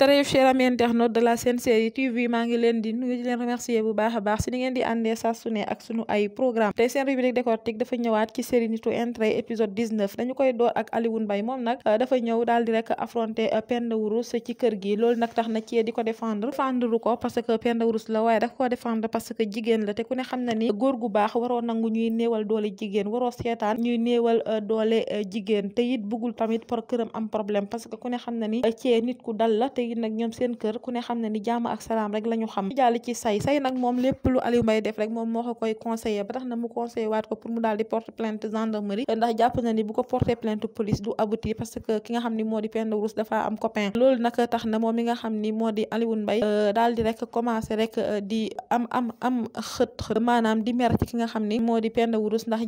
te cher ami internaute de la Sen Série TV maa ngi leen di nuyu di leen remercier bu baax a baax si ni ngeen di àndee saa su ne ak sunu ay programme tey seen rubrique décortique dafa ñëwaat ci série nitu intérêt épisode 19 dañu koy door ak Alioune Mbaye moom nag euh, dafa ñëw daal di rek affronter euh, Penda Wurus ci kër gi loolu nag tax na ci di ko défendre défendre ko parce que Penda Wurus la waaye daf ko défendre parce que jigéen la te ku ne xam na ni góor gu baax waroo nangu ñuy néewal doole jigéen waroo seetaan ñuy néewal euh, doole jigéen te it bëggul tamit pour këram am problème parce que ku ne xam na ni nit ku dal la te yi nag ñoom seen kër ku ni jàmm ak salaam rek xam jàll ci say say nag moom lépp lu Aliou def rek moom moo koy conseiller ba tax na mu conseiller waat ko porter plainte gendarmerie ndax jàpp na ni ko porter plainte police du abouti parce que ki nga xam ni moo di Penda Rousse dafa am na moom mi nga xam ni ndax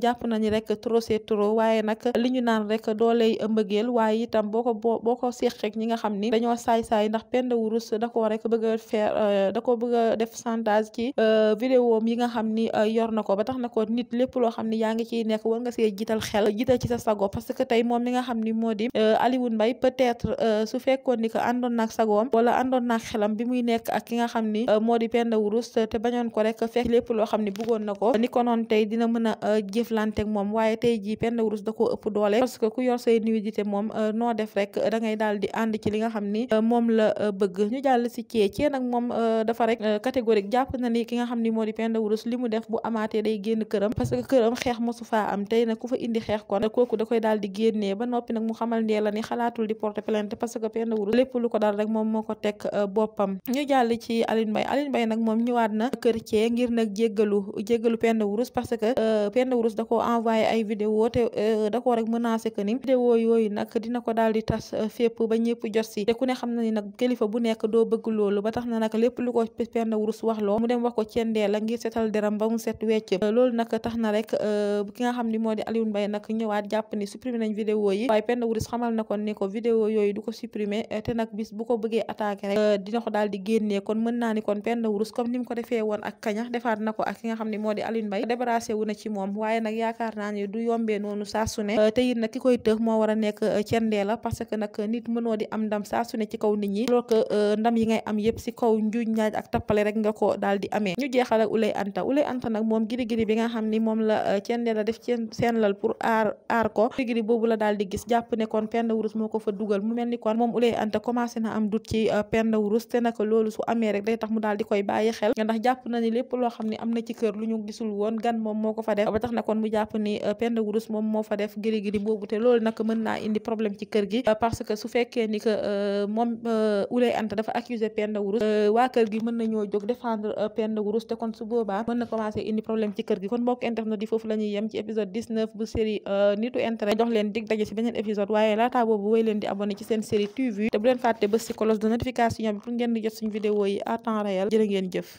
jàpp na rek trop c'est trop waaye nag li ñu naan rek dooley mbëggeel waaye itam boo ko boo boo ko séq rek nga xam ni dañoo saay saay ndax Penda Wurus da koo rek bëgg a faire euh, da def chantage ci euh, vidéo yi nga xam ni euh, yor na ko ba tax na ko nit lépp loo xam ni yaa ngi ciy nekk war nga see jital xel jiital ci sa sago parce que tey moom mi nga xam ni moo di Alioune Mbaye peut-être su fekkoon ni que àndoon naag sagoom wala àndoon naag xelam bi muy nekk ak ki nga xam ni moo di Penda Wurus te bañoon ko rek fekk lépp loo xam ni bëggoon na ko ni ko tey dina mën a jëflanteeg moom waaye tey jii Penda Wurus da koo ëpp doole parce que ku yor say nudité moom noo def rek da ngay di ànd ci li nga xam ni moom la euh, bëgg ñu jàll si cee cee nag moom euh, euh, nag ku da koy daal di génnee ba noppi nag mu xamal ndee la ni xalaatul di porter plainte ñu jàll na kër cee ngir nag jéggalu jéggalu Wurus parce que Penda Wurus da envoyé ay vidéo te da koo rek menacé que ni vidéo yooyu nag dina ko daal tas fépp ba ñëpp jot si te ku ne xam na ni nag kilifa bu nekk doo bëgg loolu ba tax na nag lépp lu ko Penda Wurus waxloo mu dem wax ko cendeela ngir setal deram ba mu set wecc loolu nag tax euh, nga xam ni moo di Alioune Mbaye nag ci moom waaye nag yaakaar naa du yombee noonu saa su ne euh, te it nag ki koy tëx a euh, parce que nag nit mënoo am ndam saa ci kaw nit ji loolu que euh, ndam yi ngay am yëpp si kaw njuuj ak tappale rek nga ko daal di ñu jeexal ak ulay anta ulay anta nag moom giri-giri bi nga xam ni moom la euh, ceen la def ceen seen lal pour aar aar ko giri-giri la daal gis jàpp ne kon Penda Wurus moo ko fa dugal mu mel ni kon moom ulay anta commencé na am dut ci euh, Penda Wurus rek day tax mu daal di koy bàyyi xel ndax jàpp na lépp loo xam ne am na ci ñu gisul woon gan moom moo ko fa def ba tax na kon mu jàpp ni Penda Wurus moom moo fa def giri-giri boobu te loolu nag mën na indi problème ci kër gi parce que su fekkee ni Euh, Ulay Anta dafa accuser Penda Wurus euh, waa kër gi mën nañoo jóg défendre euh, Penda Wurus te kon su boobaa mën na commencé indi problème ci kër gi kon mbokk internet yi foofu la ñuy ci épisode 19 bu série nitu intérêt jox leen dig daje si beneen épisode waaye laata boobu woy leen di abonné ci seen série TV te bu leen fàtte bës si cloche de notification bi pour ngeen di jot suñu vidéo yi à temps réel jëf